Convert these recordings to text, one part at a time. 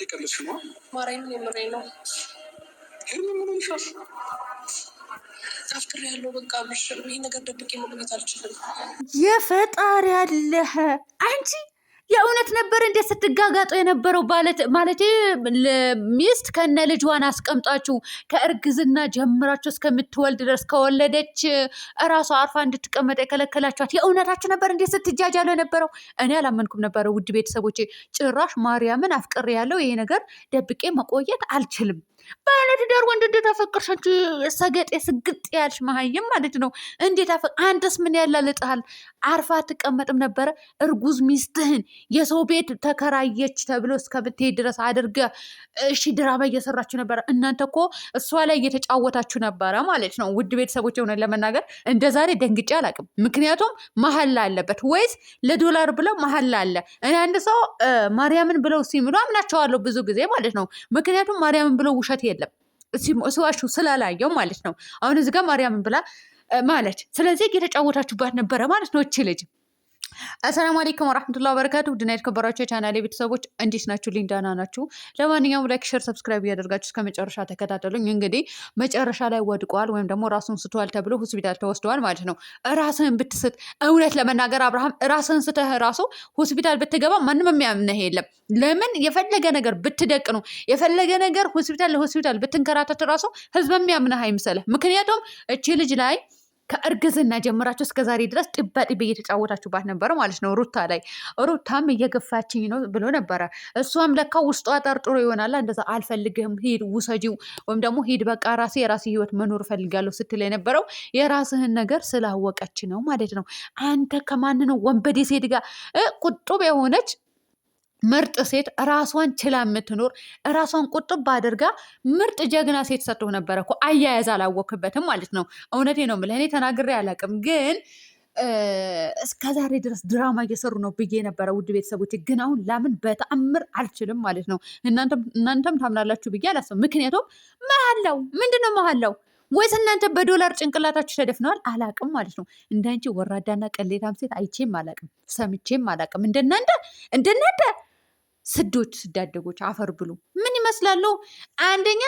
የቀለድሽ ነው? ማርያምን የምሬን ነው። ሄርሜ ምን ሆንሻል? አፍቅር ያለው በቃ ብር ይህ ነገር ደብቄ መቆየት አልችልም። የፈጣሪ ያለህ አንቺ የእውነት ነበር እንደ ስትጋጋጡ የነበረው ማለት ሚስት ከነ ልጇን አስቀምጣችሁ ከእርግዝና ጀምራችሁ እስከምትወልድ ድረስ ከወለደች እራሷ አርፋ እንድትቀመጠ የከለከላችኋት የእውነታችሁ ነበር እንደ ስትጃጃሉ የነበረው? እኔ አላመንኩም ነበረ ውድ ቤተሰቦቼ። ጭራሽ ማርያምን አፍቅሬ ያለው ይሄ ነገር ደብቄ መቆየት አልችልም። ባለትዳር ወንድ እንዴት አፈቅርሽ? አንቺ ሰገጤ ስግጥ ያልሽ መሀይም ማለት ነው። እንዴት አፈ አንተስ ምን ያላልጥሃል? አርፋ አትቀመጥም ነበረ? እርጉዝ ሚስትህን የሰው ቤት ተከራየች ተብሎ እስከምትሄድ ድረስ አድርገ እሺ፣ ድራማ እየሰራችሁ ነበረ። እናንተ እኮ እሷ ላይ እየተጫወታችሁ ነበረ ማለት ነው። ውድ ቤተሰቦች፣ የሆነ ለመናገር እንደ ዛሬ ደንግጬ አላውቅም። ምክንያቱም መሀል አለበት ወይስ ለዶላር ብለው መሀል አለ። እኔ አንድ ሰው ማርያምን ብለው ሲምሉ አምናቸዋለሁ ብዙ ጊዜ ማለት ነው። ምክንያቱም ማርያምን ብለው ውሻ ውሸት የለም ሲዋሹ ስላላየው ማለት ነው። አሁን እዚህ ጋር ማርያምን ብላ ማለት ስለዚህ እየተጫወታችሁባት ነበረ ማለት ነው እቺ ልጅ አሰላሙ አለይኩም ወራህመቱላሂ ወበረካቱ። ውድና የተከበራችሁ የቻናሌ ቤተሰቦች እንዴት ናችሁ? ሊንዳና ናችሁ። ለማንኛውም ላይክ፣ ሼር፣ ሰብስክራይብ እያደርጋችሁ እስከ መጨረሻ ተከታተሉኝ። እንግዲህ መጨረሻ ላይ ወድቋል ወይም ደግሞ ራሱን ስቷል ተብሎ ሆስፒታል ተወስደዋል ማለት ነው። ራስን ብትስት እውነት ለመናገር አብርሃም ራስን ስተህ ራሱ ሆስፒታል ብትገባ ማንም የሚያምንህ የለም። ለምን የፈለገ ነገር ብትደቅኑ የፈለገ ነገር ሆስፒታል ለሆስፒታል ብትንከራተት ራሱ ህዝብ የሚያምንህ አይምሰልህ። ምክንያቱም እቺ ልጅ ላይ ከእርግዝና ጀምራችሁ እስከ ዛሬ ድረስ ጥባጥቤ እየተጫወታችሁባት ነበረ ማለት ነው ሩታ ላይ። ሩታም እየገፋችኝ ነው ብሎ ነበረ። እሷም ለካ ውስጧ ጠርጥሮ ይሆናላ እንደዛ አልፈልግህም፣ ሂድ ውሰጂው፣ ወይም ደግሞ ሂድ በቃ ራሴ የራሴ ህይወት መኖር እፈልጋለሁ ስትል የነበረው የራስህን ነገር ስላወቀች ነው ማለት ነው። አንተ ከማን ነው ወንበዴ ሴት ጋር ቁጡብ የሆነች ምርጥ ሴት ራሷን ችላ የምትኖር ራሷን ቁጥብ አድርጋ ምርጥ ጀግና ሴት ሰጥቶ ነበረ እኮ። አያያዝ አላወክበትም ማለት ነው። እውነቴ ነው የምልህ። እኔ ተናግሬ አላውቅም ግን እስከ ዛሬ ድረስ ድራማ እየሰሩ ነው ብዬ ነበረ፣ ውድ ቤተሰቦች። ግን አሁን ለምን በተአምር አልችልም ማለት ነው። እናንተም ታምናላችሁ ብዬ አላስብም። ምክንያቱም መሀላው ምንድን ነው መሀላው ወይስ እናንተ በዶላር ጭንቅላታችሁ ተደፍነዋል? አላቅም ማለት ነው። እንዳንቺ ወራዳና ቀሌታም ሴት አይቼም አላቅም፣ ሰምቼም አላቅም። እንደናንተ እንደናንተ ስዶች ስዳደጎች አፈር ብሉ ምን ይመስላሉ? አንደኛ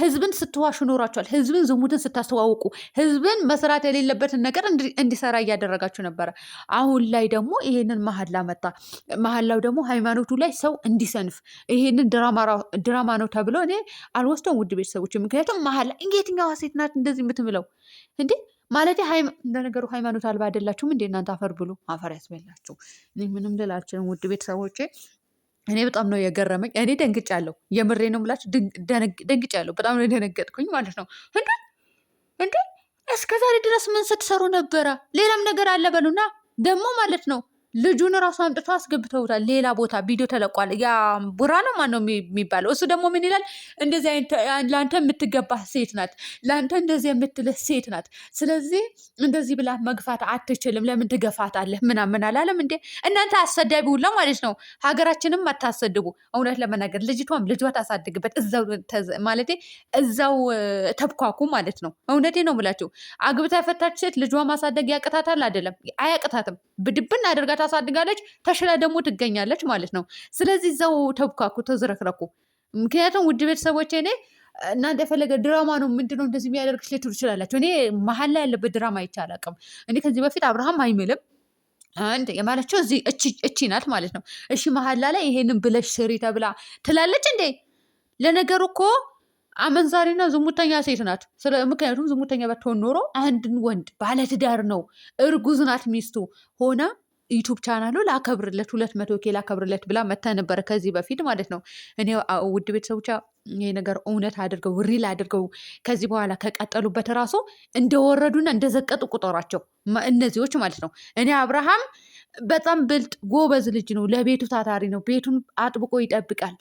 ህዝብን ስትዋሹ ኖራችኋል። ህዝብን ዝሙትን ስታስተዋውቁ፣ ህዝብን መስራት የሌለበትን ነገር እንዲሰራ እያደረጋችሁ ነበረ። አሁን ላይ ደግሞ ይሄንን መሀላ መጣ። መሀላው ደግሞ ሃይማኖቱ ላይ ሰው እንዲሰንፍ ይሄንን ድራማ ነው ተብሎ እኔ አልወስደውም፣ ውድ ቤተሰቦች። ምክንያቱም መሀላ የትኛዋ ሴት ናት እንደዚህ የምትምለው እንዴ? ማለት እንደነገሩ ሃይማኖት አልባ አይደላችሁም እንዴ እናንተ? አፈር ብሉ፣ አፈር ያስበላችሁ። ምንም ልል አልችልም። ውድ ቤተሰቦቼ እኔ በጣም ነው የገረመኝ። እኔ ደንግጫለሁ፣ የምሬ ነው የምላችሁ፣ ደንግጫለሁ። በጣም ነው የደነገጥኩኝ ማለት ነው። እንዴ እንዴ እስከዛሬ ድረስ ምን ስትሰሩ ነበረ? ሌላም ነገር አለ በሉና ደግሞ ማለት ነው ልጁን ራሱ አምጥቶ አስገብተውታል። ሌላ ቦታ ቪዲዮ ተለቋል። ያ ቡራ ነው ማነው የሚባለው? እሱ ደግሞ ምን ይላል? እንደዚህ ለአንተ የምትገባ ሴት ናት፣ ለአንተ እንደዚህ የምትልህ ሴት ናት። ስለዚህ እንደዚህ ብላ መግፋት አትችልም፣ ለምን ትገፋታለህ? ምናምን አላለም እንዴ እናንተ አሰዳቢ ሁላ ማለት ነው። ሀገራችንም አታሰድቡ። እውነት ለመናገር ልጅቷም ልጇ ታሳድግበት እዛው ማለት እዛው ተብኳኩ ማለት ነው። እውነቴ ነው ብላችሁ አግብታ የፈታች ሴት ልጇ ማሳደግ ያቅታታል? አይደለም፣ አያቅታትም። ብድብን አደርጋት ታሳድጋለች፣ ተሽላ ደግሞ ትገኛለች ማለት ነው። ስለዚህ እዛው ተብካኩ፣ ተዝረክረኩ። ምክንያቱም ውድ ቤተሰቦች እኔ እናንተ የፈለገ ድራማ ነው ምንድነው እንደዚህ የሚያደርግ ልትሉ ትችላላችሁ። እኔ መሀል ላይ ያለበት ድራማ አይቼ እኔ ከዚህ በፊት አብርሃም አይምልም አንድ የማለችው እዚህ እቺ ናት ማለት ነው። እሺ መሀላ ላይ ይሄንን ብለሽ ስሪ ተብላ ትላለች እንዴ? ለነገሩ እኮ አመንዛሪና ዝሙተኛ ሴት ናት። ምክንያቱም ዝሙተኛ ባትሆን ኖሮ አንድን ወንድ ባለትዳር ነው እርጉዝ ናት ሚስቱ ሆና ዩቱብ ቻናሉ ላከብርለት ሁለት መቶ ኬ ላከብርለት ብላ መታ ነበረ ከዚህ በፊት ማለት ነው። እኔ ውድ ቤተሰቦች ይሄ ነገር እውነት አድርገው ሪል አድርገው ከዚህ በኋላ ከቀጠሉበት ራሱ እንደወረዱና እንደዘቀጡ ቁጠሯቸው እነዚዎች ማለት ነው። እኔ አብርሃም በጣም ብልጥ ጎበዝ ልጅ ነው። ለቤቱ ታታሪ ነው። ቤቱን አጥብቆ ይጠብቃል።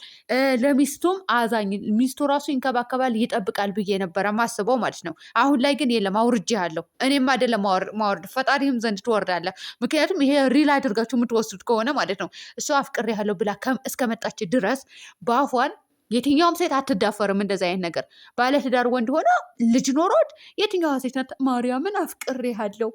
ለሚስቱም አዛኝ፣ ሚስቱ ራሱ ይንከባከባል፣ ይጠብቃል ብዬ ነበረ ማስበው ማለት ነው። አሁን ላይ ግን የለም አውርጄ እኔም አይደለም ማወርድ ፈጣሪም ዘንድ ትወርዳለ። ምክንያቱም ይሄ ሪል አድርጋችሁ የምትወስዱት ከሆነ ማለት ነው እሱ አፍቅሬ ያለው ብላ እስከመጣች ድረስ በአፏን የትኛውም ሴት አትዳፈርም እንደዚ አይነት ነገር። ባለትዳር ወንድ ሆነ ልጅ ኖሮት የትኛዋ ሴት ናት ማርያምን ያለው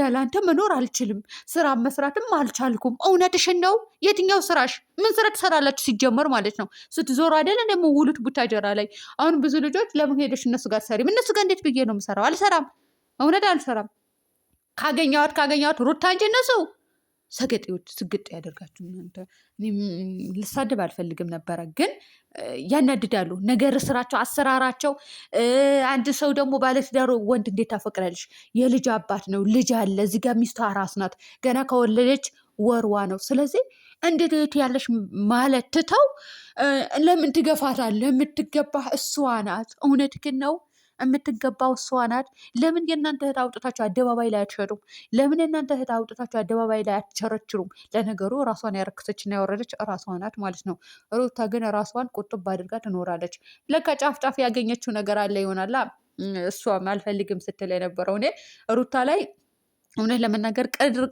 ያላንተ መኖር አልችልም፣ ስራ መስራትም አልቻልኩም። እውነትሽን ነው። የትኛው ስራሽ? ምን ስራ ትሰራላችሁ ሲጀመር ማለት ነው? ስትዞሩ አይደለ ደግሞ ውሉት ቡታጀራ ላይ። አሁን ብዙ ልጆች ለምን ሄደሽ እነሱ ጋር ሰሪም? እነሱ ጋር እንዴት ብዬ ነው የምሰራው? አልሰራም፣ እውነት አልሰራም። ካገኘዋት ካገኘዋት ሩታ እንጂ እነሱ ሰገጤዎች ስግጥ ያደርጋችሁ እናንተ። ልሳደብ አልፈልግም ነበረ፣ ግን ያናድዳሉ። ነገር ስራቸው፣ አሰራራቸው። አንድ ሰው ደግሞ ባለትዳር ወንድ እንዴት ታፈቅራለች? የልጅ አባት ነው፣ ልጅ አለ። እዚህ ጋር ሚስቷ ራስ ናት፣ ገና ከወለደች ወርዋ ነው። ስለዚህ እንዴት ያለሽ ማለት ትተው ለምን ትገፋታል? ለምትገባህ እሷ ናት። እውነት ግን ነው። የምትገባው እሷ ናት። ለምን የእናንተ እህት አውጥታችሁ አደባባይ ላይ አትሸጡም? ለምን የእናንተ እህት አውጥታችሁ አደባባይ ላይ አትቸረችሩም? ለነገሩ ራሷን ያረክሰችና ያወረደች ራሷ ናት ማለት ነው። ሩታ ግን ራሷን ቁጥብ አድርጋ ትኖራለች። ለካ ጫፍ ጫፍ ያገኘችው ነገር አለ ይሆናላ። እሷም አልፈልግም ስትል የነበረው እኔ ሩታ ላይ እውነት ለመናገር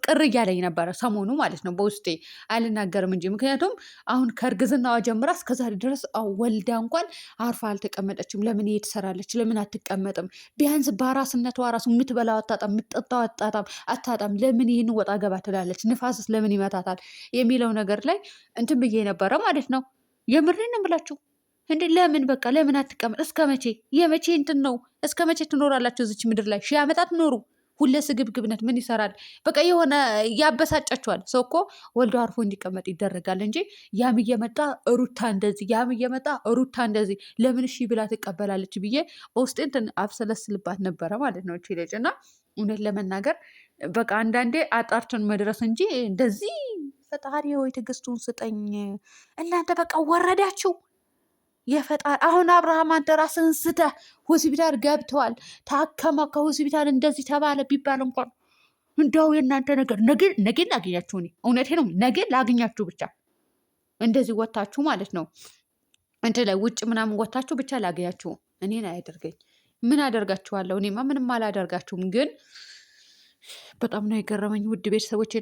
ቅር እያለኝ ነበረ ሰሞኑ ማለት ነው። በውስጤ አልናገርም እንጂ ምክንያቱም አሁን ከእርግዝናዋ ጀምራ እስከዛሬ ድረስ ወልዳ እንኳን አርፋ አልተቀመጠችም። ለምን ይሄ ትሰራለች? ለምን አትቀመጥም? ቢያንስ በአራስነቷ ራሱ የምትበላው አታጣም፣ የምትጠጣው አታጣም አታጣም። ለምን ይህን ወጣ ገባ ትላለች? ንፋስስ ለምን ይመታታል? የሚለው ነገር ላይ እንትን ብዬ ነበረ ማለት ነው። የምርን ብላችሁ እንዴ ለምን በቃ ለምን አትቀመጥ? እስከ መቼ የመቼ እንትን ነው? እስከ መቼ ትኖራላችሁ እዚች ምድር ላይ? ሺህ ዓመታት ኖሩ። ሁለ ስግብግብነት ምን ይሰራል? በቃ የሆነ ያበሳጫቸዋል። ሰው እኮ ወልዶ አርፎ እንዲቀመጥ ይደረጋል እንጂ ያም እየመጣ ሩታ እንደዚህ፣ ያም እየመጣ ሩታ እንደዚህ ለምን እሺ ብላ ትቀበላለች ብዬ በውስጤ እንትን አብሰለስልባት ነበረ ማለት ነው እቺ ልጅ እና እውነት ለመናገር በቃ አንዳንዴ አጣርተን መድረስ እንጂ እንደዚህ ፈጣሪ ወይ ትዕግስቱን ስጠኝ። እናንተ በቃ ወረዳችሁ። የፈጣሪ አሁን አብርሃም አንተ ራስህን ስተህ ሆስፒታል ገብተዋል። ታከመ፣ ከሆስፒታል እንደዚህ ተባለ ቢባል እንኳን እንደው የእናንተ ነገር ነገ ነገ ላገኛችሁ፣ እኔ እውነቴ ነው ነገ ላገኛችሁ። ብቻ እንደዚህ ወታችሁ ማለት ነው እንትን ላይ ውጭ ምናምን ወታችሁ ብቻ ላገኛችሁ። እኔን አያደርገኝ ምን አደርጋችኋለሁ? እኔማ ምንም አላደርጋችሁም ግን በጣም ነው የገረመኝ ውድ ቤተሰቦች።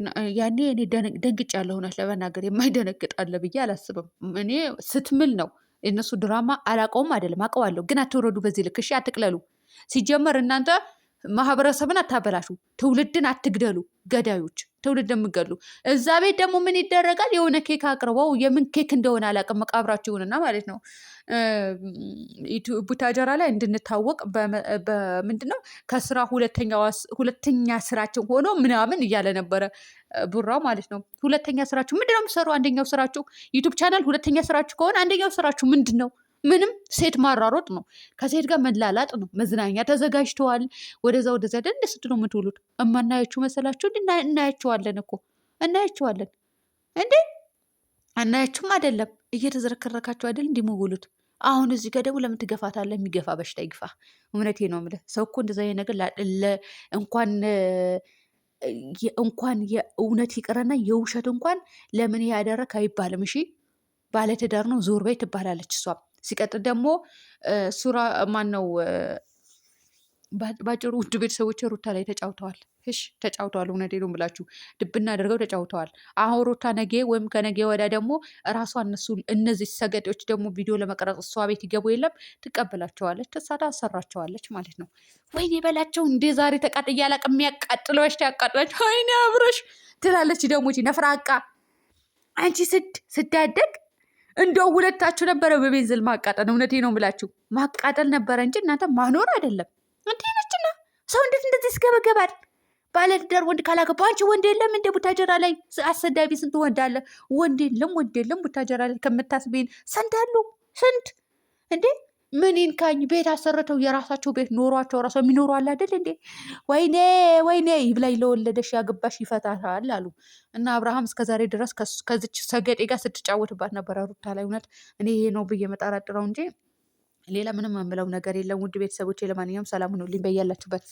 ያኔ እኔ ደንግጫለሁ። እውነት ለመናገር የማይደነግጣለ ብዬ አላስብም። እኔ ስትምል ነው የእነሱ ድራማ አላቀውም አይደለም አቀዋለሁ፣ ግን አትውረዱ በዚህ ልክ እሺ። አትቅለሉ። ሲጀመር እናንተ ማህበረሰብን አታበላሹ፣ ትውልድን አትግደሉ ገዳዮች። ትውልድ የምገሉ እዛ ቤት ደግሞ ምን ይደረጋል? የሆነ ኬክ አቅርበው የምን ኬክ እንደሆነ አላውቅም። መቃብራቸው ይሁንና ማለት ነው ቡታጀራ ላይ እንድንታወቅ ምንድን ነው ከስራ ሁለተኛ ስራችን ሆኖ ምናምን እያለ ነበረ ቡራው ማለት ነው። ሁለተኛ ስራችሁ ምንድን ነው የምትሰሩ? አንደኛው ስራችሁ ዩቱብ ቻናል፣ ሁለተኛ ስራችሁ ከሆነ አንደኛው ስራችሁ ምንድን ነው? ምንም ሴት ማራሮጥ ነው፣ ከሴት ጋር መላላጥ ነው። መዝናኛ ተዘጋጅተዋል። ወደዛ ደ ደንደ ስትሉ የምትውሉት እማናያችሁ መሰላችሁ? እናያችኋለን እኮ እናያችኋለን እንዴ አናያችሁም አይደለም? እየተዝረከረካችሁ አይደል እንዲምውሉት አሁን እዚህ ጋር ደግሞ ለምን ትገፋታለህ? የሚገፋ በሽታ ይግፋ። እውነቴ ነው የምልህ ሰው እኮ እንደዛ ነገር እንኳን እንኳን የእውነት ይቅረና የውሸት እንኳን ለምን ያደረክ አይባልም። እሺ ባለትዳር ነው ዞር በይ ትባላለች እሷም ሲቀጥል ደግሞ ሱራ ማን ነው ባጭሩ ውድ ቤተሰቦች ሩታ ላይ ተጫውተዋል። እሺ ተጫውተዋል። እውነቴን ነው የምላችሁ፣ ድብና አድርገው ተጫውተዋል። አሁን ሩታ ነጌ ወይም ከነጌ ወዳ ደግሞ እራሷ እነሱ እነዚህ ሰገጤዎች ደግሞ ቪዲዮ ለመቅረጽ እሷ ቤት ይገቡ የለም ትቀበላቸዋለች፣ ተሳዳ አሰራቸዋለች ማለት ነው። ወይኔ በላቸው እንዴ! ዛሬ ተቃጥያ ላቅ የሚያቃጥለው በሽታ ያቃጥላቸው። ወይኔ አብረሽ ትላለች ደግሞ ነፍራቃ አንቺ ስድ ስዳደግ እንደው ሁለታችሁ ነበረ በቤንዝል ማቃጠል። እውነቴ ነው ምላችሁ ማቃጠል ነበረ እንጂ እናንተ ማኖር አይደለም። እንዴ ነችና ሰው እንዴት እንደዚህ ይስገበገባል? ባለትዳር ወንድ ካላገባ አንቺ ወንድ የለም እንደ ቡታጀራ ላይ አሰዳቢ ስንት ወንድ አለ። ወንድ የለም ወንድ የለም ቡታጀራ ላይ ከምታስቤን ስንት አሉ ስንት እንዴ ምን ይንካኝ? ቤት አሰርተው የራሳቸው ቤት ኖሯቸው ራሷ የሚኖሩ አለ አይደል እንዴ? ወይኔ ወይኔ ይብላኝ ለወለደሽ ያግባሽ ይፈታታል አሉ እና አብርሃም እስከ ዛሬ ድረስ ከዚች ሰገጤ ጋር ስትጫወትባት ነበረ ሩታ ላይ። እውነት እኔ ይሄ ነው ብዬ መጠራጥረው እንጂ ሌላ ምንም የምለው ነገር የለም። ውድ ቤተሰቦቼ ለማንኛውም ሰላም ሁኑልኝ በያላችሁበት።